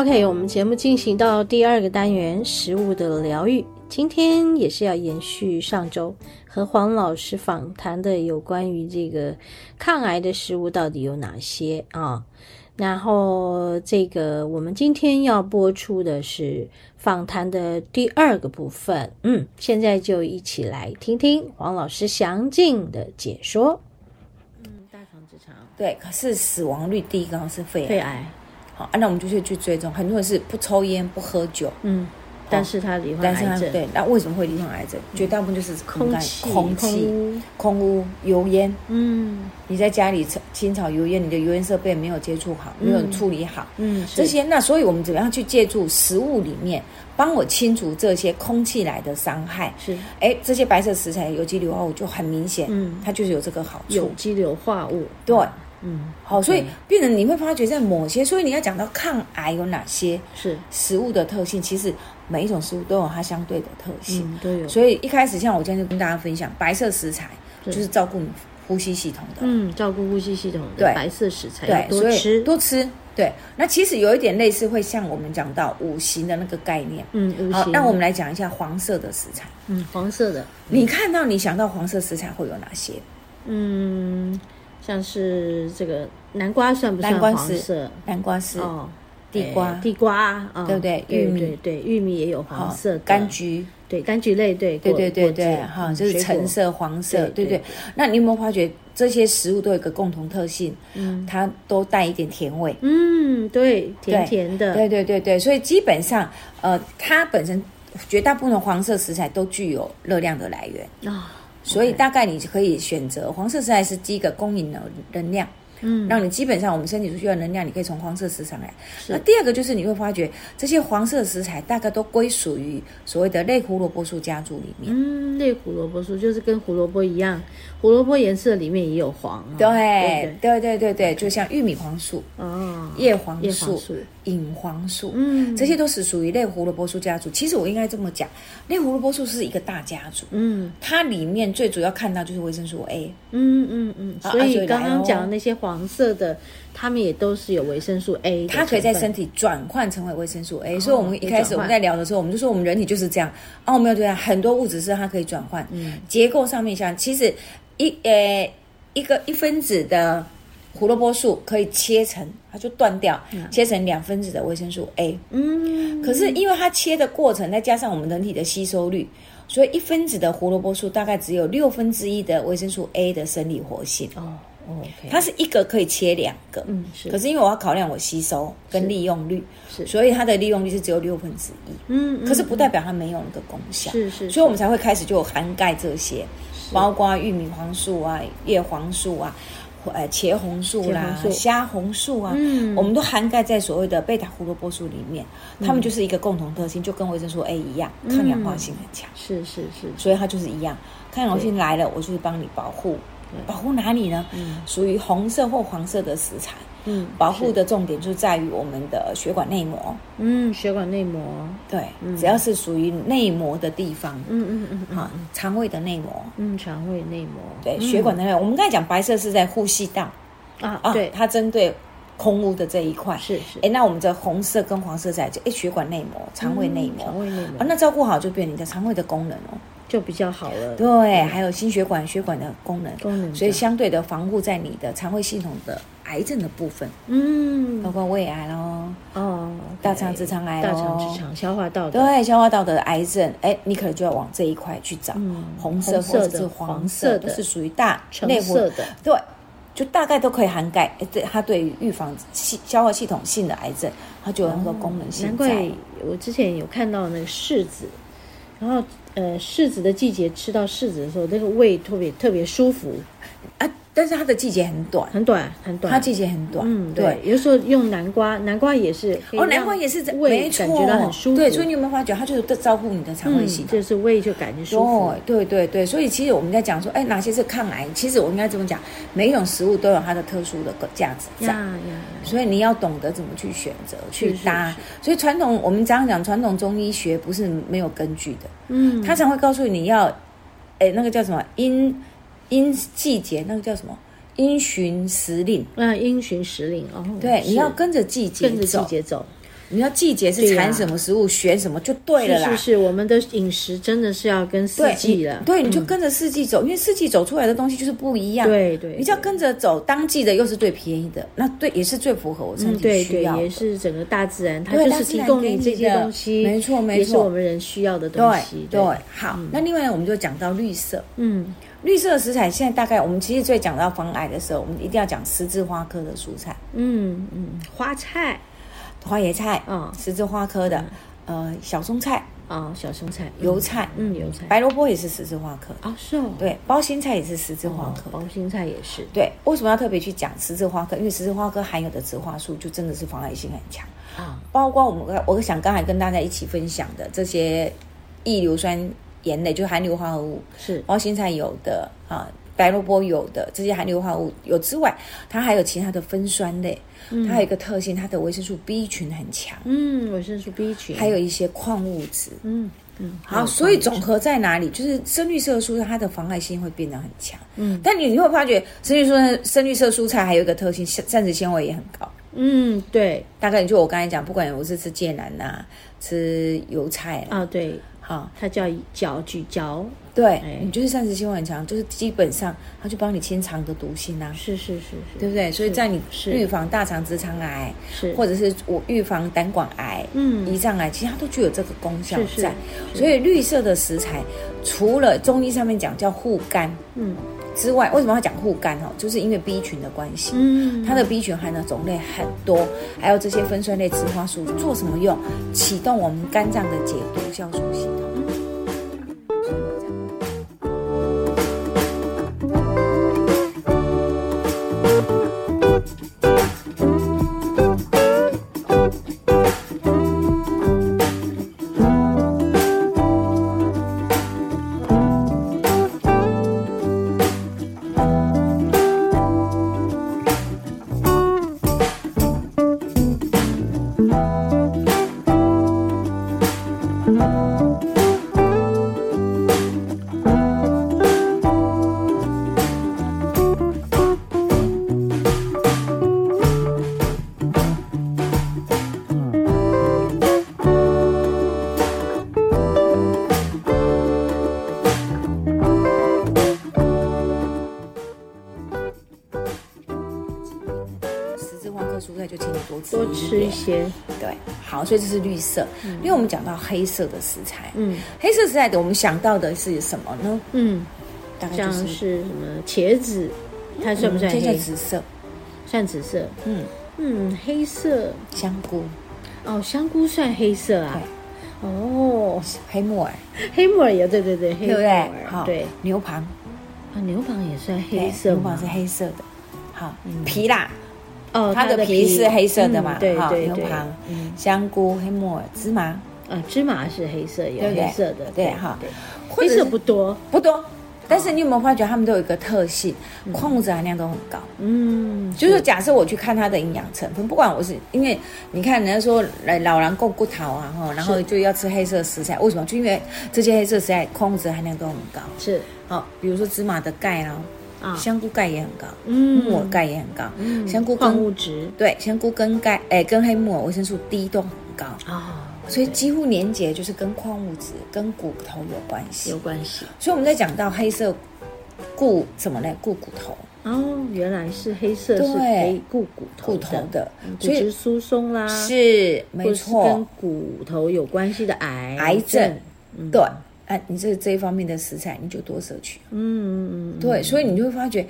OK，我們節目進行到第二個單元，食物的療癒。今天也是要延續上周和黃老師訪談的有關於這個抗癌的食物到底有哪些啊、哦？然後這個我們今天要播出的是訪談的第二個部分。嗯，現在就一起來聽聽黃老師詳盡的解說。嗯，大腸、直腸。對，可是死亡率第一高是肺癌。肺癌。啊，那我們就去追蹤，很多人是不抽煙不喝酒，嗯，但是他罹患癌症，對，那為什麼會罹患癌症？絕大部分就是空氣、空氣、空污、油煙，嗯，你在家裡清炒油煙，嗯，你的油煙設備沒有接觸好，嗯，沒有處理好，嗯，嗯，這些，那所以我們怎麼樣去借助食物裡面幫我清除這些空氣來的傷害？是，哎，這些白色食材，有機硫化物就很明顯，嗯，它就是有這個好處，有機硫化物，對。嗯，好、OK，所以病人你會發覺在某些，所以你要講到抗癌有哪些是食物的特性，其實每一種食物都有它相對的特性，都、嗯、有。所以一開始像我今天就跟大家分享白色食材，就是照顧你呼吸系統的，對，嗯，照顧呼吸系統的白色食材對，對，所以多吃多吃。對，那其實有一點類似會像我們講到五行的那個概念，嗯，五行。好，那我們來講一下黃色的食材，嗯，黃色的，你看到你想到黃色食材會有哪些？嗯。像是這個南瓜，算不算黃色？南瓜是，南瓜是哦、地瓜、地瓜、啊哦，對不對？玉米，對玉米也有黃色。柑橘，對，柑橘類對，對對對對對，哈、嗯哦，就是橙色、黃色，對不對，對？那你有沒有發覺這些食物都有一個共同特性？嗯，它都帶一點甜味。嗯，對，甜甜的。對對，對對對，所以基本上，呃，它本身絕大部分的黃色食材都具有熱量的來源。哦所以大概你就可以選擇黃色食材，是第一個供應的能量，嗯，讓你基本上我們身體所需要能量，你可以從黃色食材來。那第二個就是你會發覺這些黃色食材大概都歸屬於所謂的類胡蘿蔔素家族裡面。嗯，類胡蘿蔔素就是跟胡蘿蔔一樣，胡蘿蔔顏色裡面也有黃啊，對，對，對對對對對，就像玉米黃素，嗯，葉黃素。哦隱黃素，嗯，這些都是屬於類胡蘿蔔素家族。其實我應該這麼講，類胡蘿蔔素是一個大家族，嗯，它裡面最主要看到就是維生素 A，嗯嗯嗯，所以剛剛講的那些黃色的，它們也都是有維生素 A，它可以在身體轉換成為維生素 A、哦。所以我們一開始我們在聊的時候、哦，我們就說我們人體就是這樣，哦，沒有對啊，很多物質是它可以轉換，嗯，結構上面像其實一呃、欸、一個一分子的。胡蘿蔔素可以切成，它就斷掉，切成兩分子的維生素 A。嗯，可是因為它切的過程，再加上我們人體的吸收率，所以一分子的胡蘿蔔素大概只有六分之一的維生素 A 的生理活性。哦，OK，它是一個可以切兩個。嗯，是。可是因為我要考量我吸收跟利用率，是，是，所以它的利用率是只有六分之一。嗯，可是不代表它沒有那個功效。是、嗯、是、嗯。所以我們才會開始就涵蓋這些，包括玉米黃素啊、葉黃素啊。呃，茄紅素啦，蝦紅,紅素啊、嗯，我們都涵蓋在所謂的貝塔胡蘿蔔素裡面，他、嗯、們就是一個共同特性，就跟維生素 A 一樣，嗯、抗氧化性很強。是,是是是，所以它就是一樣，抗氧化性來了，我就是幫你保護。保護哪裡呢？嗯，屬於紅色或黃色的食材。嗯，保護的重點就在於我們的血管內膜。嗯，血管內膜。對，嗯、只要是屬於內膜的地方。嗯嗯嗯，嗯。好、啊，腸胃的內膜。嗯，腸胃內膜。對，血管的內膜、嗯。我們剛才講白色是在呼吸道。啊啊。對，它針對空污的這一塊。是是。欸、那我們的紅色跟黃色在就、欸、血管內膜、腸胃內膜。腸胃內膜，腸胃內膜，腸胃內膜、哦。那照顧好就變你的腸胃的功能哦。就比較好了，對、嗯，還有心血管，血管的功能，功能，所以相對的防護在你的腸胃系統的癌症的部分，嗯，包括胃癌嘍，哦，okay, 大腸、直腸癌，大腸、直腸、消化道，對，消化道的癌症，哎，你可能就要往這一塊去找，嗯、紅色，紅色或者是黃色，色的，都是屬於大內部、橙色的，對，就大概都可以涵蓋，對它對於預防消消化系統性的癌症，它就有很多功能性在。難怪我之前有看到那個柿子，然後。呃，柿子的季節吃到柿子的時候，那個胃特別特別舒服。但是它的季節很短，很短，很短。它季節很短，嗯，對。有時候用南瓜，南瓜也是哦，南瓜也是在胃感覺到很舒服。對，所以你有沒有發覺它就是照顧你的腸胃系統，就、嗯、是胃就感覺舒服。對對對，對，所以其實我們在講說，哎，哪些是抗癌？其實我們應該怎麼講？每一種食物都有它的特殊的價值，價、啊啊啊。所以你要懂得怎麼去選擇，去搭。所以傳統我們常常講，傳統中醫學不是沒有根據的。嗯，它常會告訴你要，哎，那個叫什麼因。In, 因季節那個叫什麼？因循時令。嗯，因循時令。哦，對，你要跟着季節，跟着季節走。走你要季節是產什麼食物，選、啊、什麼就對了，是是是，我們的飲食真的是要跟四季的。對，你就跟着四季走，嗯，因為四季走出來的東西就是不一樣。對對，對，你只要跟着走，當季的又是最便宜的，那對也是最符合我身體，嗯、需要。對對，也是整個大自然它就是提供你這些東西，沒錯沒錯，是我，是我們人需要的東西。對，對、嗯、對好，嗯，那另外我們就講到綠色，嗯，綠色的食材現在大概我們其實最講到防癌的時候，我們一定要講十字花科的蔬菜，嗯嗯，花菜。花椰菜，嗯，十字花科的。嗯、呃，小松菜啊，哦，小松菜，油菜，嗯，嗯油菜，白蘿蔔也是十字花科啊，哦，是哦，對，包心菜也是十字花科，哦，包心菜也是，對，為什麼要特別去講十字花科？因為十字花科含有的植化素就真的是防癌性很強啊，哦，包括我們，我想剛才跟大家一起分享的這些異硫、硫酸鹽類，就含硫化合物，是包心菜有的啊。呃白蘿蔔有的這些含硫化物有之外，它還有其他的酚酸類、嗯，它有一個特性，它的維生素 B 群很強。嗯，維生素 B 群，還有一些礦物質。嗯嗯好好，好，所以總和在哪裡？就是深綠色蔬菜，它的防癌性會變得很強。嗯，但你你會發覺，深綠色深綠色蔬菜還有一個特性，膳食纖維也很高。嗯，對。大概你就我剛才講，不管我是吃芥藍吶、啊，吃油菜啊，哦、對。啊、哦，它叫嚼，咀嚼，對、哎，你就是膳食纖維很強，就是基本上它就幫你清腸的毒性啊。是，是是是，對不對？所以在你預防大腸直腸癌，是或者是我預防膽管癌、嗯胰臟癌，其實它都具有這個功效在。是是是是所以綠色的食材，嗯、除了中醫上面講叫護肝，嗯。嗯之外，為什麼要講護肝哦？就是因為 B 群的關係，嗯，它的 B 群含的種類很多，還有這些酚酸類植化素，做什麼用？啟動我們肝臟的解毒酵素系統。十字花科蔬菜，就請你多吃多吃一些。對，好，所以這是綠色，嗯，因為我們講到黑色的食材。嗯，黑色食材的，我們想到的是什麼呢？嗯，大概就是，像是什麼茄子，它算不算？這、嗯、紫色，算紫色。嗯嗯，嗯，黑色香菇，哦，香菇算黑色啊？對，哦，黑木耳，黑木耳也對對對，黑木耳，好，牛蒡，啊，牛蒡也算黑色，牛蒡是黑色的，好，皮辣。它、哦、的、的皮是黑色的嘛？嗯、對對對、對，牛蒡、嗯、香菇、黑木耳、芝麻、哦，芝麻是黑色，顏黑色的，對哈，黑色不多不多、哦，但是你有沒有發覺它們都有一個特性，礦物質含量都很高。嗯，就是假設我去看它的營養成分，不管我是因為你看人家說來老人夠骨頭啊哈，然後就要吃黑色食材，為什麼？就因為這些黑色食材礦物質含量都很高。是，好，比如說芝麻的鈣、啊香菇鈣也很高，嗯，木耳鈣也很高，香菇跟嗯，礦物質對，香菇跟鈣，哎、欸，跟黑木耳維生素 D 都很高啊、哦，所以幾乎連接就是跟礦物質跟骨頭有關係，有關係。所以我們在講到黑色固什麼呢？固骨頭，哦，原來是黑色是可以固骨，骨頭的，骨質疏鬆啦，是沒錯，跟骨頭有關係的癌症癌症，對。嗯哎、啊，你這這一方面的食材，你就多攝取、啊。嗯嗯。對，所以你就會發覺，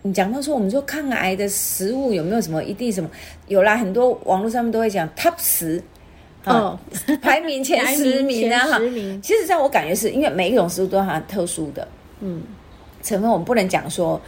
你講到說，我們說抗癌的食物有沒有什麼一定什麼？有啦，很多網絡上面都會講 Top 十、啊，哦，排名前十名啊。 前十名，其實在我感覺是因為每一種食物都很特殊的。嗯，成分我們不能講說。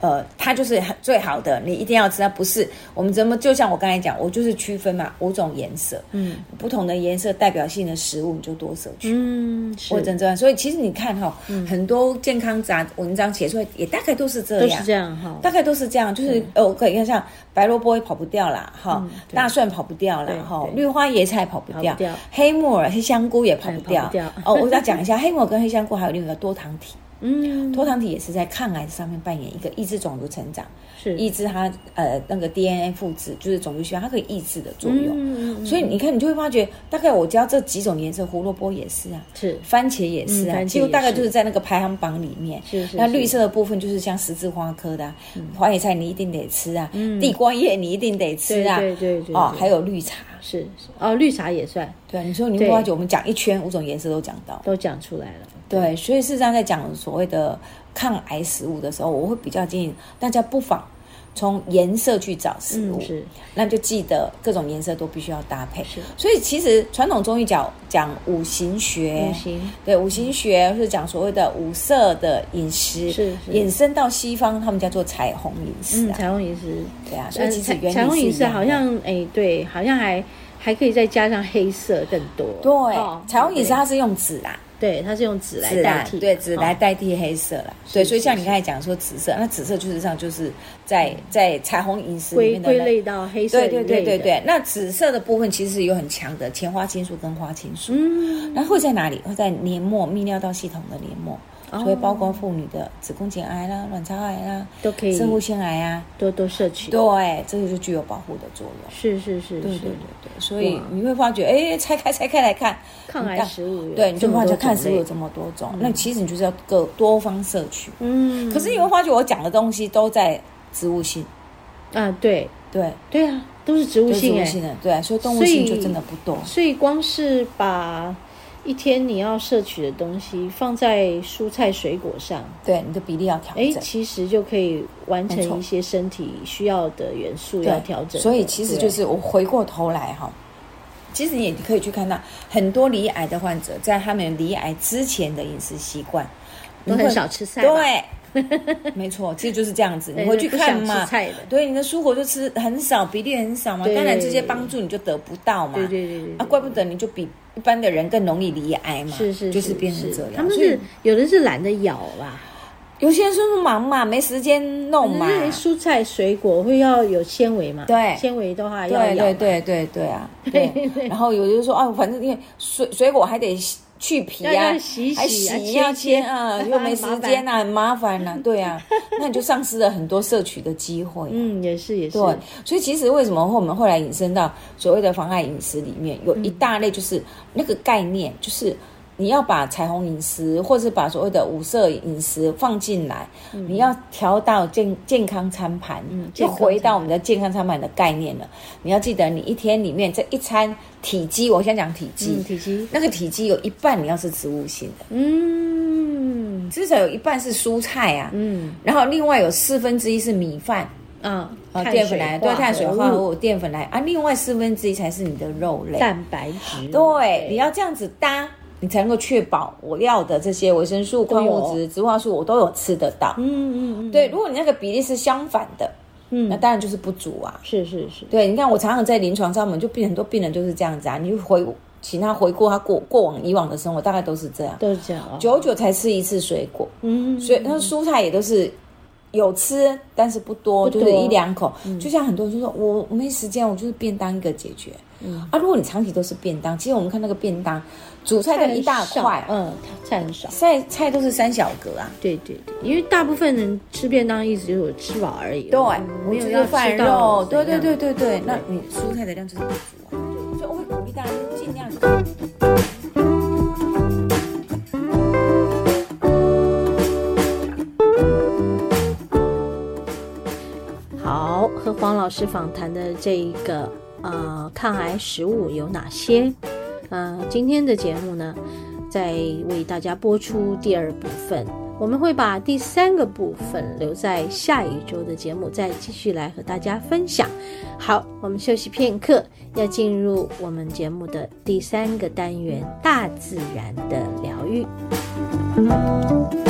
呃，它就是很最好的，你一定要知道。不是我們怎麼？就像我剛才講，我就是區分嘛，五種顏色，嗯，不同的顏色代表性的食物，你就多攝取。嗯，是或這樣，所以其實你看哈、哦嗯，很多健康雜誌文章寫出來也大概都是這樣，都是這樣哈、哦，大概都是這樣，就是、嗯、哦，可以看像白蘿蔔也跑不掉啦，哈、哦，大、嗯、蒜跑不掉了哈，綠花椰菜跑，跑不掉，黑木耳、黑香菇也跑不掉。不掉哦，我再講一下 黑木耳跟黑香菇還有另外一個多糖體。嗯，脫糖體也是在抗癌上面扮演一個抑制腫瘤成長，是抑制它呃那個 DNA 複製，就是腫瘤需要，它可以抑制的作用、嗯嗯。所以你看，你就會發覺，大概我教這幾種顏色，胡蘿蔔也是啊，是番茄也是啊，幾、嗯、乎大概就是在那個排行榜裡面。是是，是，是，那綠色的部分就是像十字花科的、啊嗯，花椰菜你一定得吃啊、嗯，地瓜葉你一定得吃啊，嗯、對，對，對，對，對對對，哦還有綠茶。是是哦，綠茶也算。對，你說你喝多少酒，我們講一圈，五種顏色都講到，都講出來了對。對，所以事實上在講所謂的抗癌食物的時候，我會比較建議大家不妨。從顏色去找食物、嗯是，那就記得各種顏色都必須要搭配。所以其實傳統中醫講講五行學，五行對五行學、嗯就是講所謂的五色的飲食，是，是衍生到西方，他們叫做彩虹飲食、啊，嗯，彩虹飲食，對啊，所以其實原理是彩虹飲食好像哎、欸，對，好像還還可以再加上黑色更多，對，哦、彩虹飲食它是用紫啊。對，它是用紫來代替，對，紫來代替黑色了。對，所以像你剛才講說紫色，那紫色事實上就是在在，在彩虹飲食裡面的歸類到黑色類的對對對對對，對。那紫色的部分其實有很強的前花青素跟花青素，嗯，然後會在哪裡？會在黏膜泌尿道系統的黏膜。所以包括婦女的子宮頸癌啦、卵巢癌啦，都可以、物性癌啊，多多攝取。對，這個就具有保護的作用。是是是，是，對對對，所以你會發覺，哎、欸，拆開拆開來看，抗癌食物，對，你就發覺看只有這麼多種。多種，那其實你就是要各多方攝取。嗯，可是你會發覺，我講的東西都在植物性。啊、嗯，對對對啊，都是植物性哎、欸，對，所以動物性就真的不多。所以，所以光是把。一天你要攝取的東西放在蔬菜水果上，對你的比例要調整。哎，其實就可以完成一些身體需要的元素要調整。所以其實就是我回過頭來哈，其實你也可以去看到很多罹癌的患者，在他們罹癌之前的飲食習慣都很少吃菜。對，沒錯，其實就是這樣子。你回去看嘛，對，的對你的蔬果就吃很少，比例很少嘛，當然這些幫助你就得不到嘛。對對對，對，對，對，對，啊，怪不得你就比。一般的人更容易罹癌嘛，是是是是，就是變成這樣。是是他們是有的是懶得咬啦，有些人說是忙嘛，沒時間弄嘛。因為蔬菜水果會要有纖維嘛。對，纖維的話要咬嘛。對，對對對對啊，對。 然後有的時候啊，反正因為水水果還得去皮呀、啊，還洗呀、啊，切啊，啊，啊，又沒時間啊， 很麻煩吶、啊。對啊， 那你就喪失了很多攝取的機會、啊。嗯，也是也是。對，所以其實為什麼我們後來引申到所謂的防癌飲食裡面，有一大類就是那個概念，就是。你要把彩虹飲食，或是把所謂的五色飲食放進來、嗯，你要調到健健康餐盤、嗯，就回到我們的健康餐盤的概念了。你要記得，你一天裡面這一餐體積，我先講體積、嗯，體積那個體積有一半你要是植物性的，嗯，至少有一半是蔬菜啊，嗯，然後另外有四分之一是米飯啊，嗯、澱粉來對碳水化合物嗯、澱粉來啊，另外四分之一才是你的肉類蛋白質，對，你要這樣子搭。你才能夠確保我要的這些維生素、哦、礦物質、植物化素，我都有吃得到。嗯嗯嗯。對，如果你那個比例是相反的，嗯，那當然就是不足啊。是是是。對，你看我常常在臨床上，我們就病很多病人就是這樣子啊。你就回，請他回顧他過過往以往的生活，大概都是這樣。都是這樣啊。久久才吃一次水果，嗯，嗯，嗯，嗯，所以那蔬菜也都是。有吃，但是不多，不多就是一兩口、嗯。就像很多人就說，我沒時間，我就是便當一個解決。嗯啊，如果你長期都是便當，其實我們看那個便當，主菜的一大塊，嗯，菜很少，菜菜都是三小格啊。對對對，因為大部分人吃便當，意思就是吃飽而已。對，我有要肉吃肉。對對對對對，對，對，對，對，對，對，那你蔬菜的量就是不足了、啊。就我會鼓勵大家儘量。黃老師訪談的這一個呃抗癌食物有哪些？嗯、呃，今天的節目呢，在為大家播出第二部分，我們會把第三個部分留在下一周的節目再繼續來和大家分享。好，我們休息片刻，要進入我們節目的第三個單元——大自然的療癒。